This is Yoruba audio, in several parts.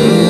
you.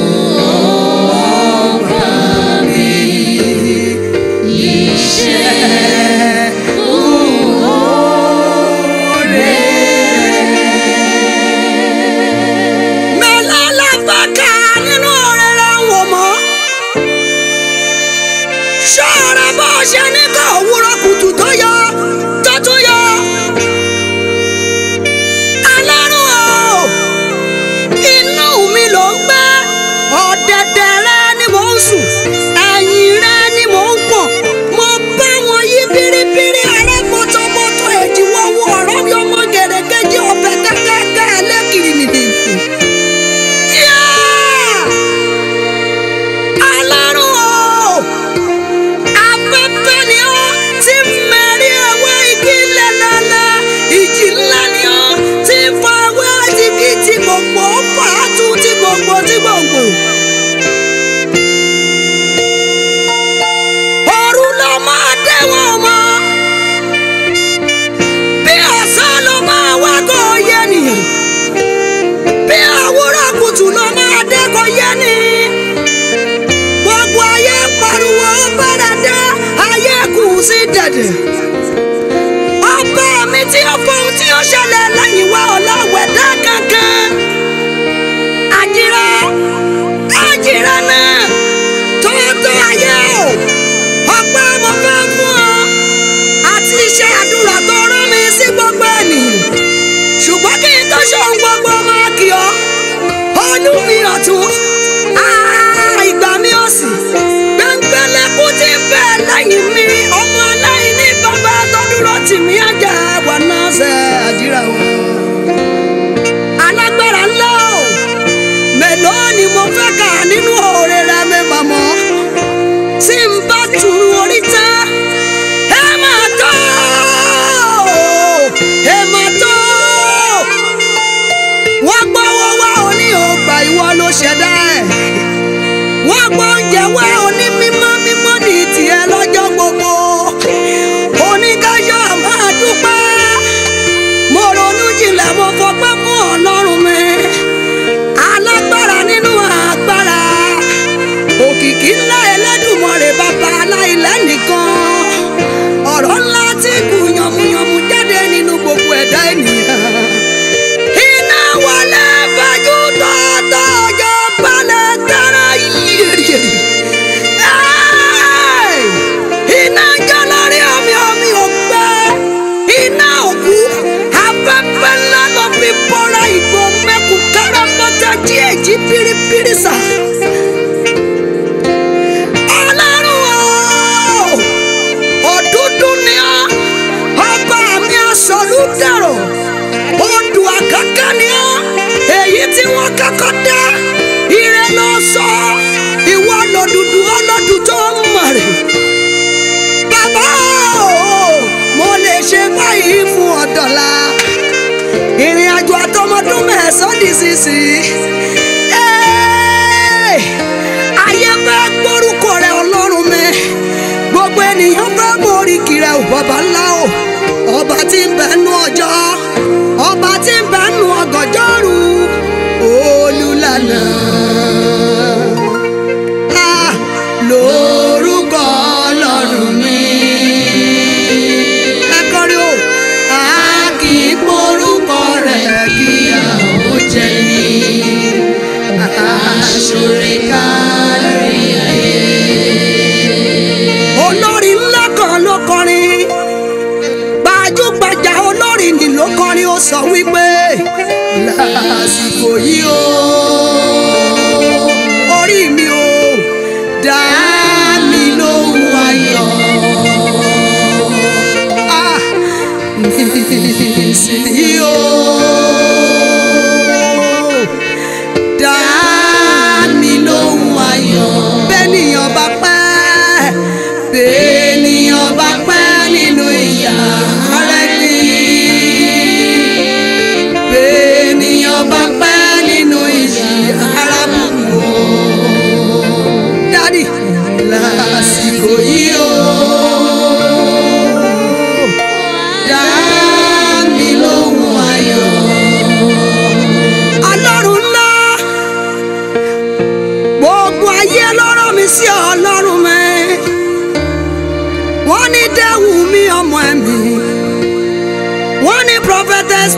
now.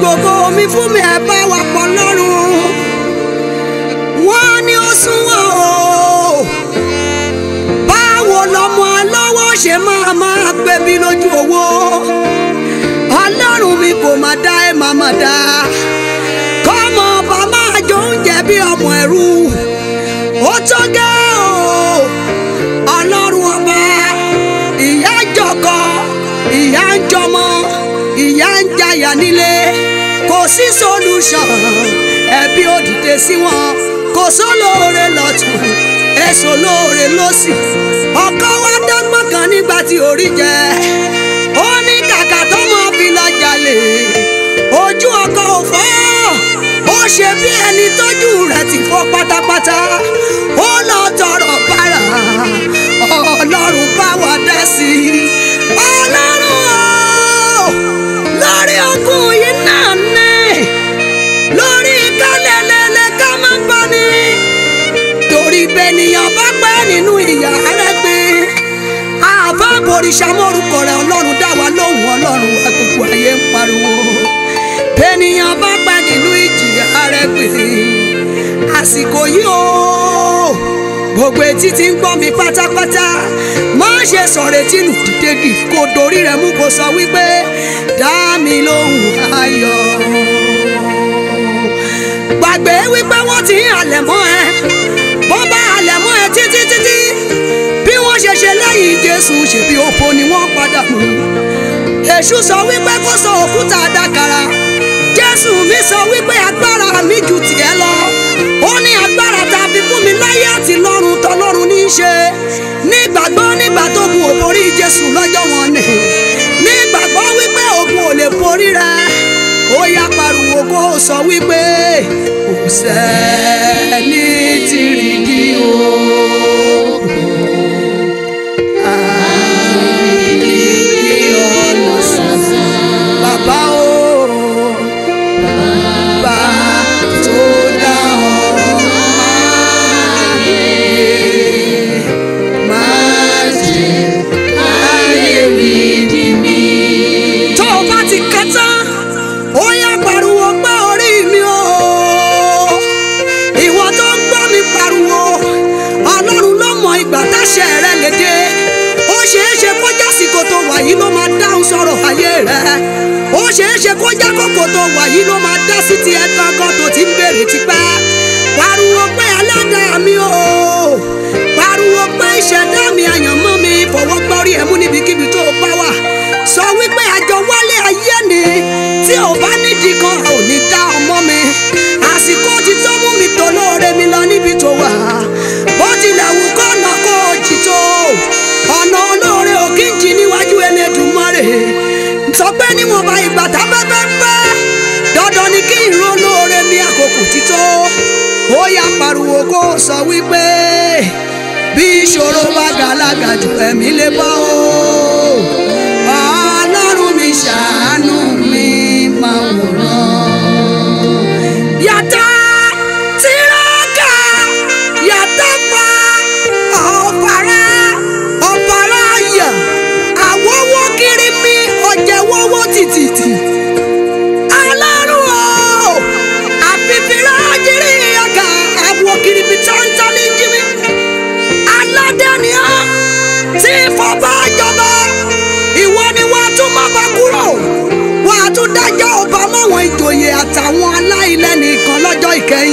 gbogbo mi fún mi ẹ bá wà pọ̀ lọ́rùn wọ́n ní ó súnwọ̀n o báwo lọmọ lọ́wọ́ ṣe máa máa pè mí lójú owó ọlọ́run mi kò má dá ẹ má má dá kọ́mọ ọba máa jó oúnjẹ bí ọmọ ẹ̀rú ó tó gẹ́ o ọlọ́run ọba ìyá ń jọkọ ìyá ń jọmọ ìyá ń jayà nílé kò sí solution ẹbí ò dìde sí wọn kò sólóore lọ́tún èso lóore lọ́sì ọkọ wa dọ́gbọ́n kan nígbà tí orí jẹ ó ní kàkà tọ́mọ fi lọ jalè ojú ọkọ ò fọ́ ó ṣe bí ẹni tójú rẹ̀ ti fọ́ pátápátá ó lọ tọrọ bàrà ọlọ́run bá wa dá sí ènìyàn bá pẹ́ nínú ìyà ẹlẹ́gbin àbá àbòrìṣà mórúkọ rẹ̀ ọlọ́run dá wa lóhùn ọlọ́run wa gbogbo ayé ń pariwo ènìyàn bá pẹ́ nínú ìjìyà ẹlẹ́gbin àsìkò yìí o gbogbo etí ti ń gbọ́ mi pátápátá má ṣe sọ̀rọ̀ etí nù dídégì kó dorí rẹ̀ mú kó sọ wípé dá mi lóhùn ayọ̀ gbàgbé wípé wọ́n ti ń halẹ̀ mọ́ ẹ títí bí wọ́n ṣe ṣe lẹ́yìn Jésù ṣe bí òfo ni wọ́n padà mú èṣù sọ wípé kó sọ òkúta àdàkàrà Jésù mi sọ wípé agbára mi ju tìẹ lọ ó ní agbára ta fi fún mi láyé àti lọ́run tọ́lọ́run ní í ṣe nígbàgbọ́ nígbà tó gun òborí Jésù lọ́jọ́ wọn ni nígbàgbọ́ wípé ogun ò lè borí rẹ ó yá pariwo kó sọ wípé kò sẹ́ni tìrì o.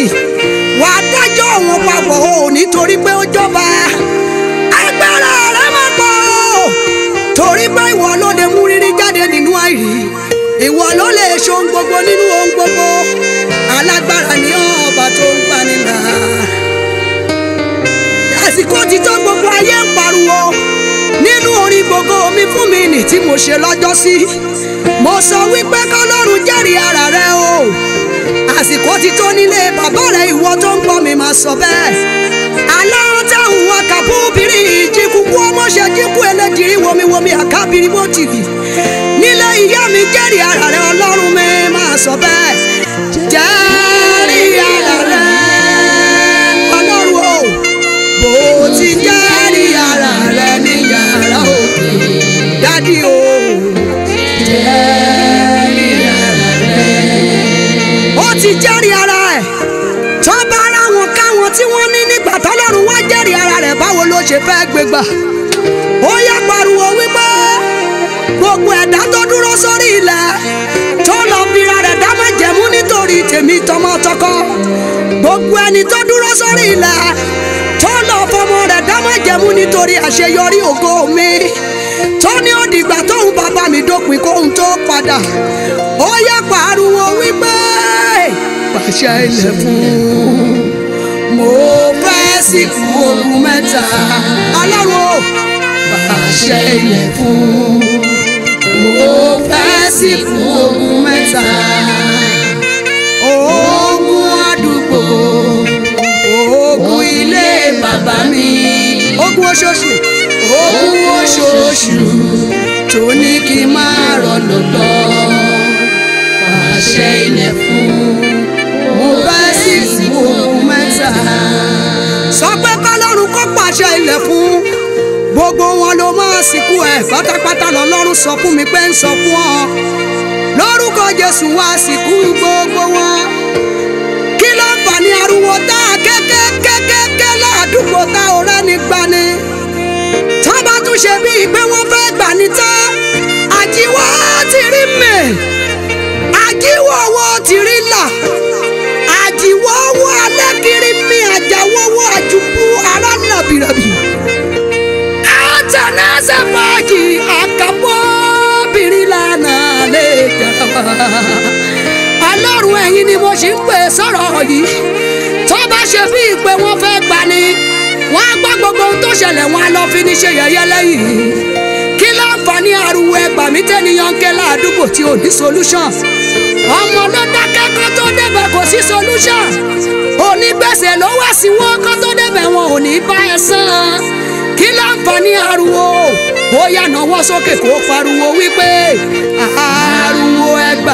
yìí wàá dájọ́ òun papọ̀ o nítorí pé ó jọba agbára rẹ má pọ̀ torí pé ìwọ ló lè mú rírí jáde nínú àìrí ìwọ ló lè ṣe ohun gbogbo nínú ohun gbogbo alágbára ni ọba tó ń panilà àsìkò ti tó gbogbo ayé ń pariwo nínú orin gbogbo omi fún mi nì tí mo ṣe lọ́jọ́ sí mo sọ wípé kọ́lọ́run jẹ́rìí ara rẹ o àsìkò ti tó nílé bàbá rẹ̀ ìwọ tó ń gbọ́ mi máa sọ bẹ́ẹ̀. aláwọ̀ táwọn akàbọ̀ obìnrin yìí jí kúkú ọmọ ṣe jíkú ẹlẹ́dìrí womiwomi àkábìrì bó tìbì. nílé ìyá mi jẹ́rìí ara rẹ̀ ọlọ́run mi máa sọ bẹ́ẹ̀. jẹ́rìí ara rẹ̀ ọlọ́run o bó ti jẹ́rìí ara rẹ̀ ní yàrá òkè dádì o. ti jẹ́rìí ara ẹ̀ tó bá ara wọn káwọn tí wọ́n ní nígbà tọ́lọ́run wá jẹ́rìí ara rẹ̀ báwo ló ṣe fẹ́ gbégbà ó yá pariwo wípé gbogbo ẹ̀dá tó dúró sórí ilẹ̀ tó lọ fira rẹ̀ dá májẹ̀mú nítorí tèmi tọmọ tọkọ gbogbo ẹni tó dúró sórí ilẹ̀ tó lọ fọmọ rẹ̀ dá májẹ̀mú nítorí àṣeyọrí ògo mi tó ní òdìgbà tóun bàbá mi dópin kóun tó padà ó yá pariwo wípé iṣẹ́ ilẹ̀ fún. mo fẹ́ sìnkú ogun mẹ́ta ọlọ́run bàbá iṣẹ́ ilẹ̀ fún. mo fẹ́ sìnkú ogun mẹ́ta ogun àdúgbò ogun ilé bàbá mi ogun oṣooṣù ogun oṣooṣù tó ní kí n máa rọ̀lọ́ lọ pàṣẹ ilẹ̀ fún un sọ pé kọ́lọ́run kó pàṣẹ ilẹ̀ fún gbogbo wọn ló mọ̀ síkú ẹ̀ pátápátá lọ́lọ́run sọ fún mi pé ń sọ fún ọ lórúkọ Jésù wá síkú gbogbo wọn kí ló fà ní ariwo tá a kékékékéké ládùúgbò tá a ọ̀rẹ́ ní gbani tó bá tún ṣe bíi pé wọ́n fẹ́ gbani tán àjíwọ́ ti rí mè àjíwọ́ wọ́n ti rí là. Maji akapọ̀ bìrì lánàá lè jàmbá. Ọlọ́run ẹ̀yin ni mo ṣì ń pè sọ̀rọ̀ yìí. Tó ṣe bí ìpè wọn fẹ́ gbà ni, wọ́n á gbọ́ gbogbo ohun tó ṣẹlẹ̀ wọn á lọ fi ní ṣe yẹ̀yẹ́ lẹ́yìn. Kí láǹfààní ariwo ẹgbà mi tẹ́niyàn ké ládùúgbò tí ò ní solution. Ọmọ ló dákẹ́ kó tó débẹ̀ kò sí solution. Onígbèsè ló wà sí wọn kó tó débẹ̀ wọn ò ní bá ẹ sán kí láǹfààní ariwo ó yà náwó sókè kó pariwo wípé ariwo ẹ gbà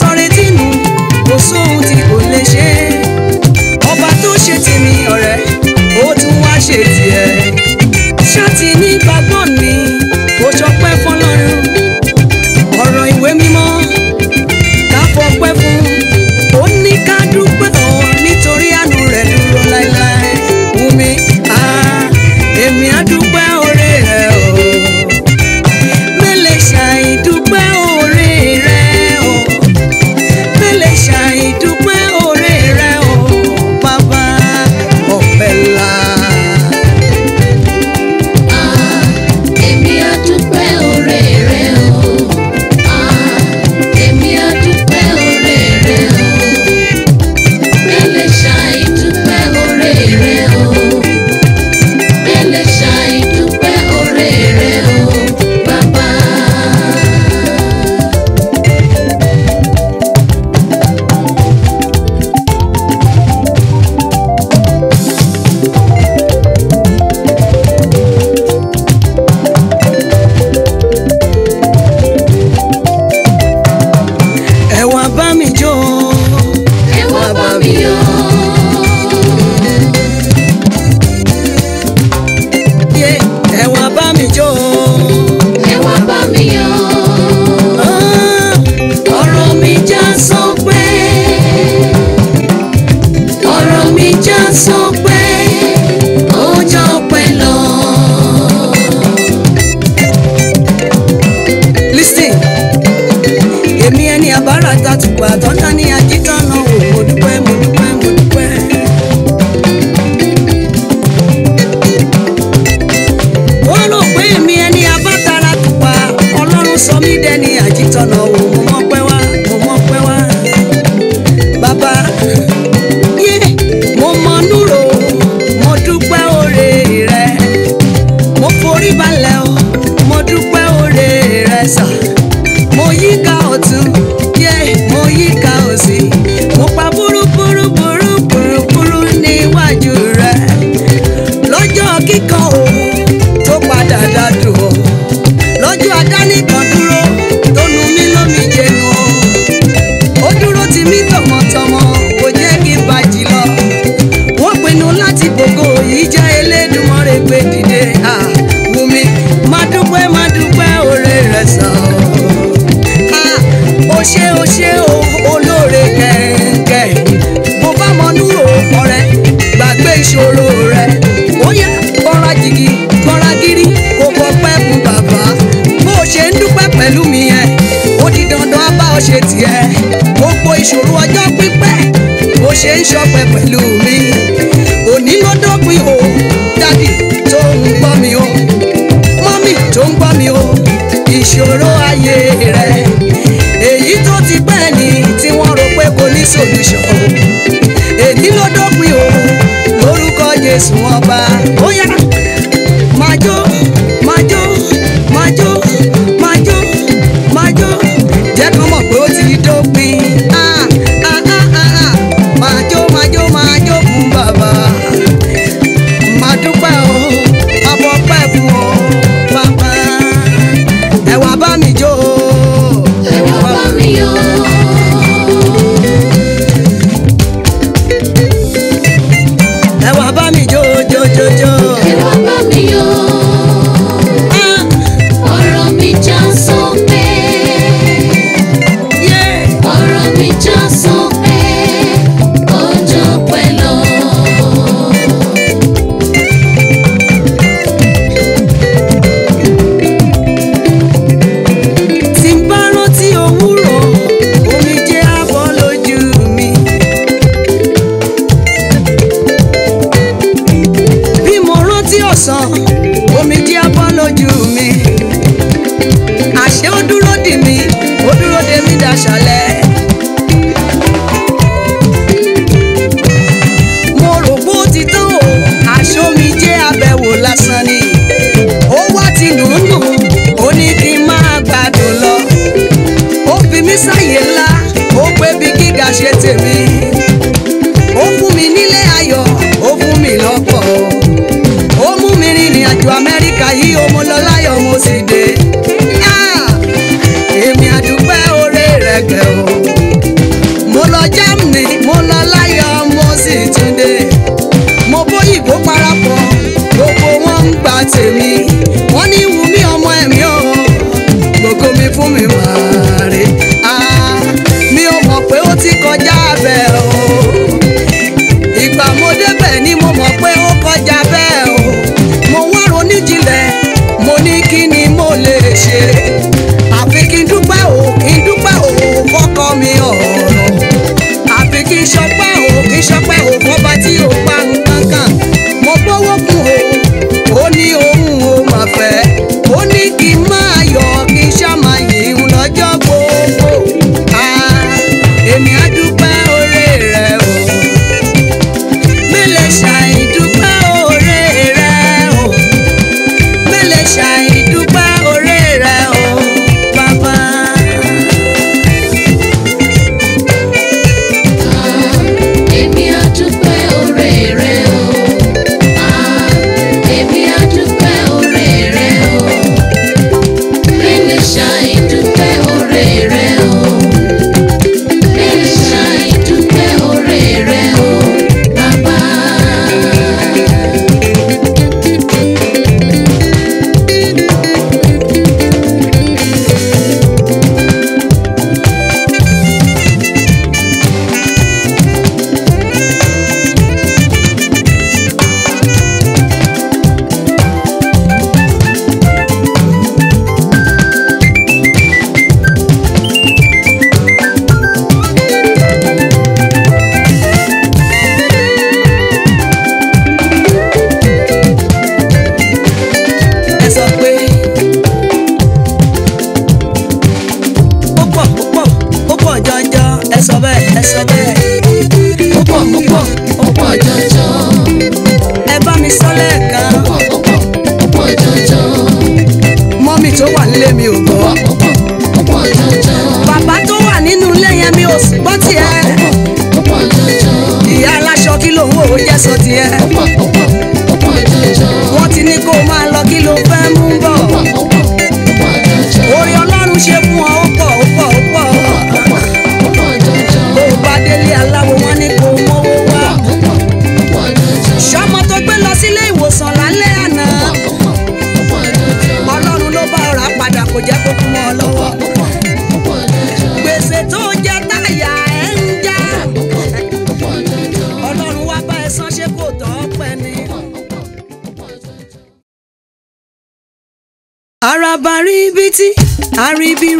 sọ̀rẹ́ tì mí kò sóhun tí kò lè ṣe ọba tó ṣe tèmi meu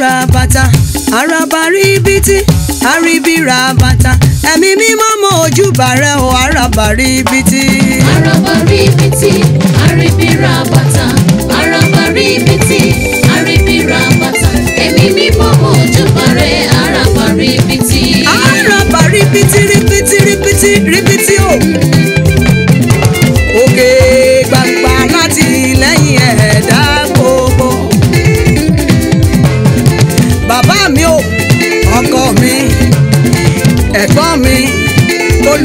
ra bàtà àràbà ríbitì àríbí ra bàtà ẹ̀mí mímọ́ mọ ojúbà rẹ̀ o àràbà ríbitì. àràbà ríbitì àríbí ra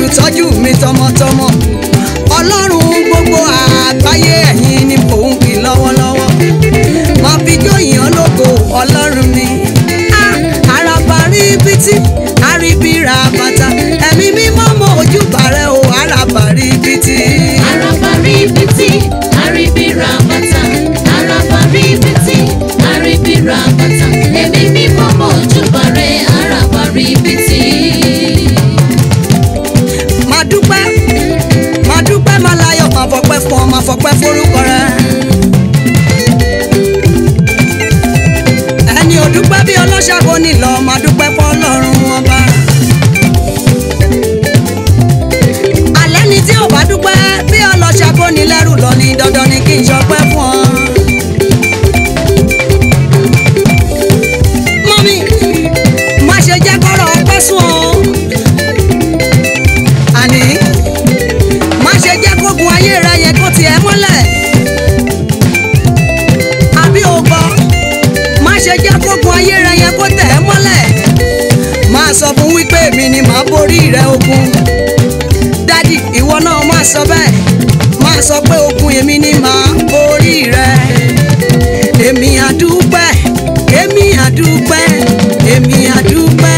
olùtọ́jú mi tọmọtọmọ. ọpẹ́ forúkọ rẹ. ẹni ò dúpẹ́ bí ọlọ́ṣàbò nílò máa dúpẹ́ fọ́ ọlọ́run ọba. alẹ́ ni tí ò dúpẹ́ bí ọlọ́ṣàbò nílẹ̀rù lọ ni dandan ni kí n ṣọpẹ́ fún ọ. borí rẹ okun, dádì ìwọ náà má sọ bẹ́ẹ̀ má sọ pé ogun èmi ni màá borí rẹ èmi àdúpẹ́ èmi àdúpẹ́ èmi àdúpẹ́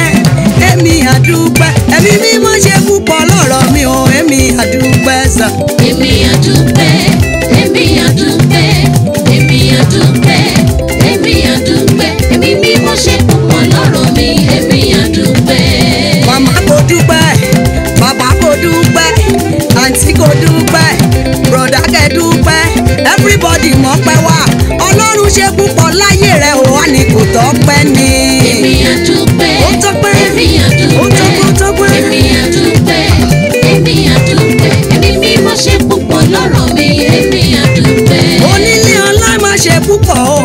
èmi àdúpẹ́ èmi mímọ́ ṣe púpọ̀ lọ́rọ̀ mi ò èmi àdúpẹ́ sàn. ṣe púpọ̀ láyé rẹ̀ ò wá ní kò tọ́pẹ́ ni. èmi àdúpẹ́ ó tọ́pẹ́ èmi àdúpẹ́ ó tọ́pẹ́ ó tọ́pẹ́ èmi àdúpẹ́ èmi àdúpẹ́ èmi mímọ́ ṣe púpọ̀ lọ́rọ̀ mi èmi àdúpẹ́. onílé ọlá máa ṣe púpọ̀ o.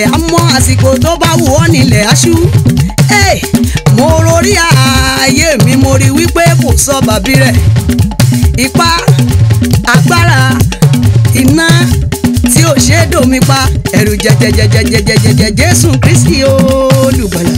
ilẹ̀ àmọ́ àsìkò tó bá wù ọ́ nílẹ̀ aṣú. mo rorí ààyè mi mo rí wípé kò sọ bàbí rẹ̀ ipá agbára iná tí ò ṣeé dòmí pa ẹ̀rù jẹjẹjẹjẹjẹjẹjẹ Jésù Kristi olùgbàlà.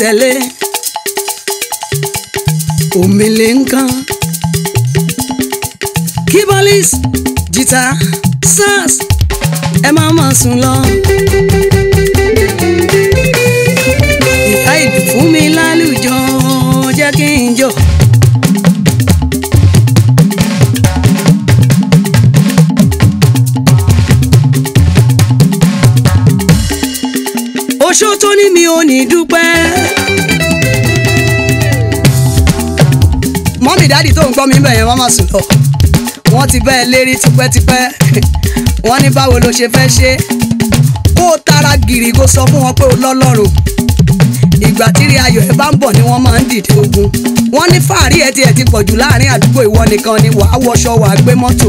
tẹ̀lé òmìnir nǹkan má sùn lọ wọ́n ti bẹ́ẹ̀ lérí tipẹ́tipẹ́ wọ́n ní báwo ló ṣe fẹ́ ṣe kó o tara gìrì kó sọ fún wọn pé o lọ́lọ́run ìgbà tírí ayọ̀ ẹ bá ń bọ̀ ni wọ́n máa ń dìde ogun wọ́n ní fàárí ẹ tiẹ̀ ti pọ̀ jù láàrin àdúgbò ìwọ nìkan ni wàá wọṣọ wàá gbé mọ́tò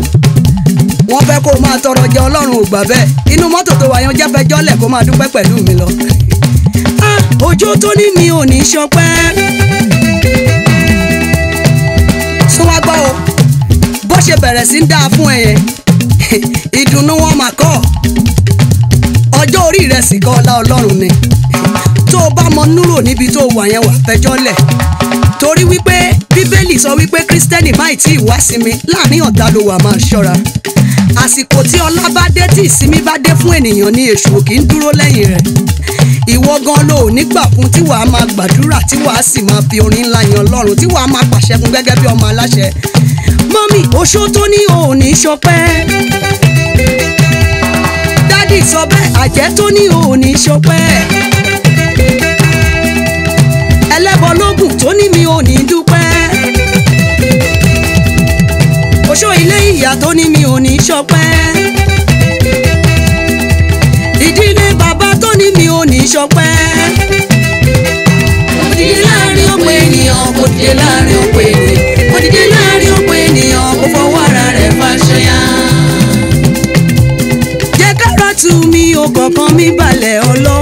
wọ́n fẹ́ kó o máa tọrọ jẹ ọlọ́run ò bẹ́ẹ̀ inú mọ́tò tó wà jẹ́fẹ́jọ́lẹ̀ kó máa dúpẹ́ pẹ̀lú mi lọ. Ah, ojú tó ní mi ò ní sọpẹ́. ṣe bẹ̀rẹ̀ sí ń dáa fún ẹ yẹn ìdùnnú wọn mà kọ́ ọjọ́ ni tó o bá mọ núrò níbi tó o wà yẹn wà fẹjọ́ lẹ̀. torí wípé bíbélì sọ wípé kristẹni máì tí ì wá sinmi láàrin ọ̀tá ló wà máa ṣọ́ra àsìkò tí ọlá bá dé tí ìsinmi bá dé fún ènìyàn ni èṣù kì í dúró lẹ́yìn rẹ̀ ìwọ gan ló ò nígbà kun tí wàá máa gbàdúrà tí wàá sì máa fi orin ńlá yan Ọlọ́run tí wàá máa pàṣẹkun gẹ́gẹ́ bí ọmọ aláṣẹ mọ́mì oṣó tó ní òní ṣọpẹ́ dádì sọ bẹ́ẹ̀ àjẹ́ tó ní òní ṣọpẹ́. tó ní mi ò ní dúpẹ́ oṣó ilé ìyá tó ní mi ò ní ṣọpẹ́ ìdílé bàbá tó ní mi ò ní ṣọpẹ́ òdìdí láàrin ọ̀pọ̀ ènìyàn òdìdí láàrin ọ̀pọ̀ ènìyàn òdìdí láàrin ọ̀pọ̀ ènìyàn kò fọwọ́ ara rẹ̀ fàṣẹyà. jẹ́ kára tu mi o kọ̀ọ̀kan mi balẹ̀ ọlọ́.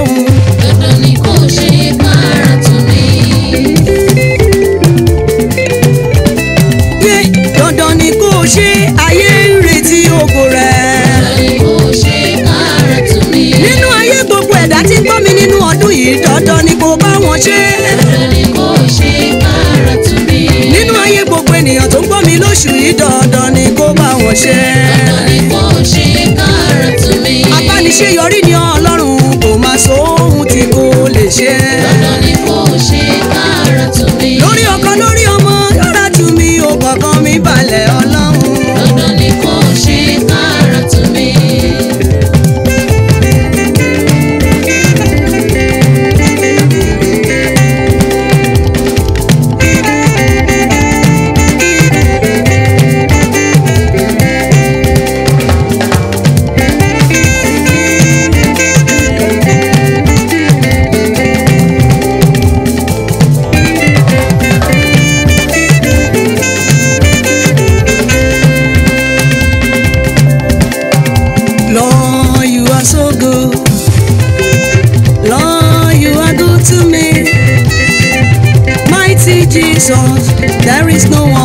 yeah. there is no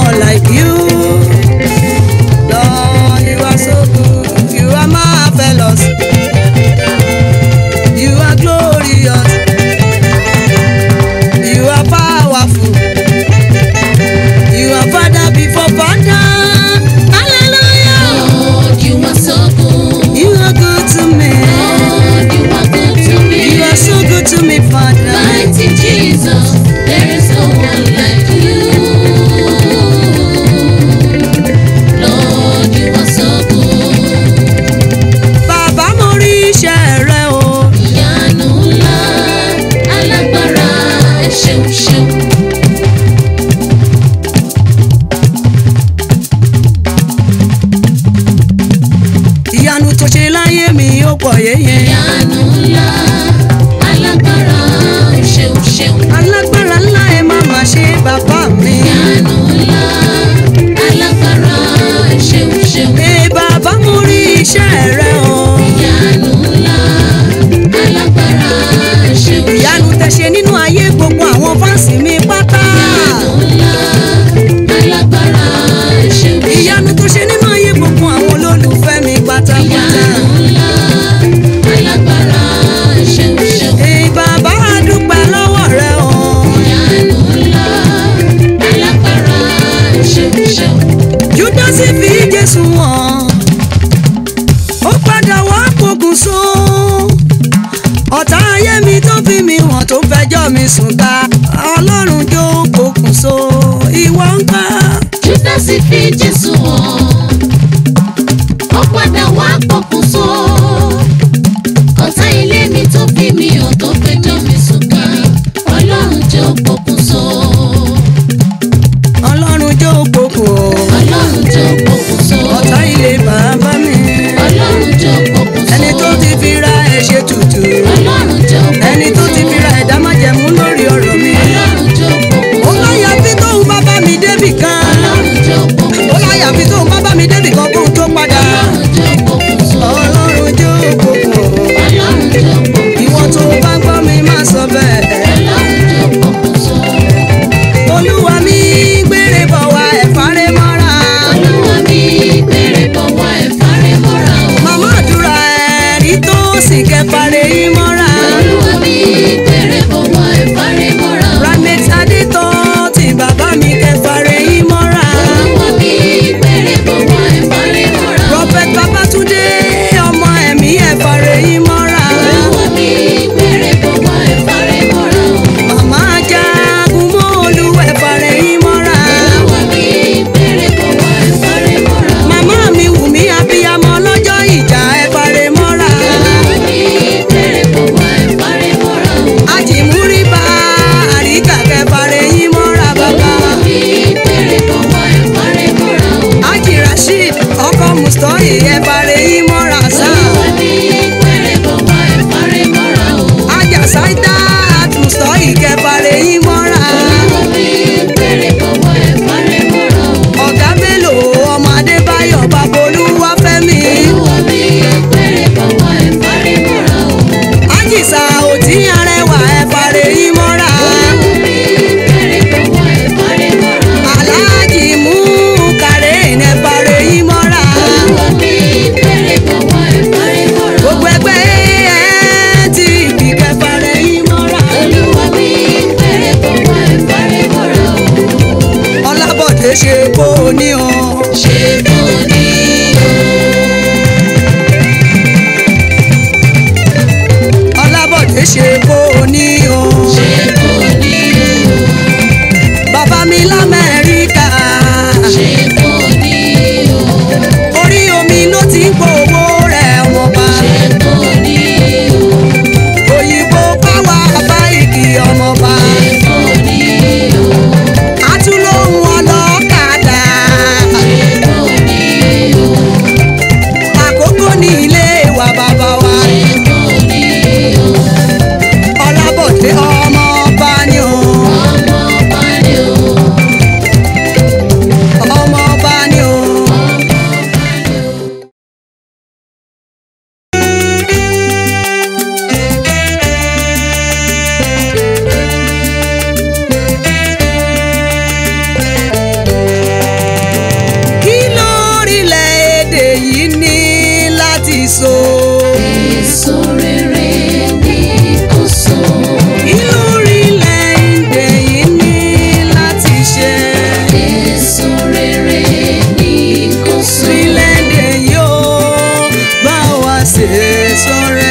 ayọ̀ mi sùn ta ọlọ́run jó pokùnso ìwọ ń kọ́. júdásì fi jésù hàn. Yes, alright.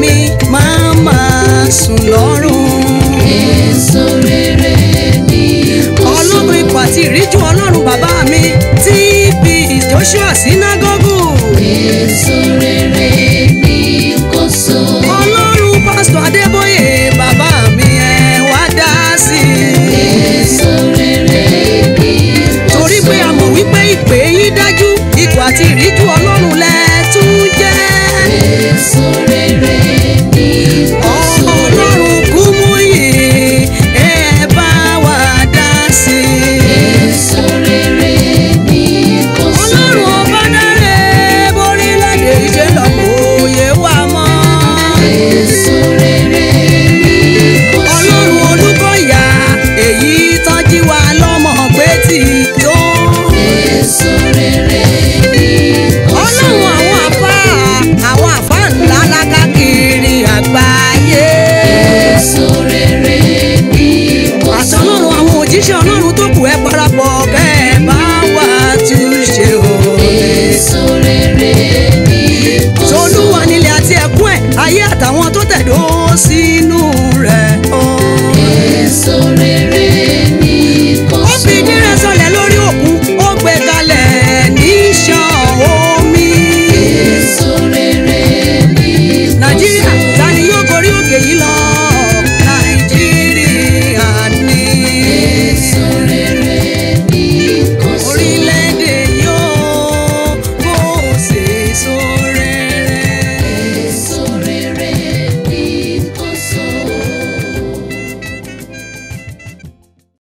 me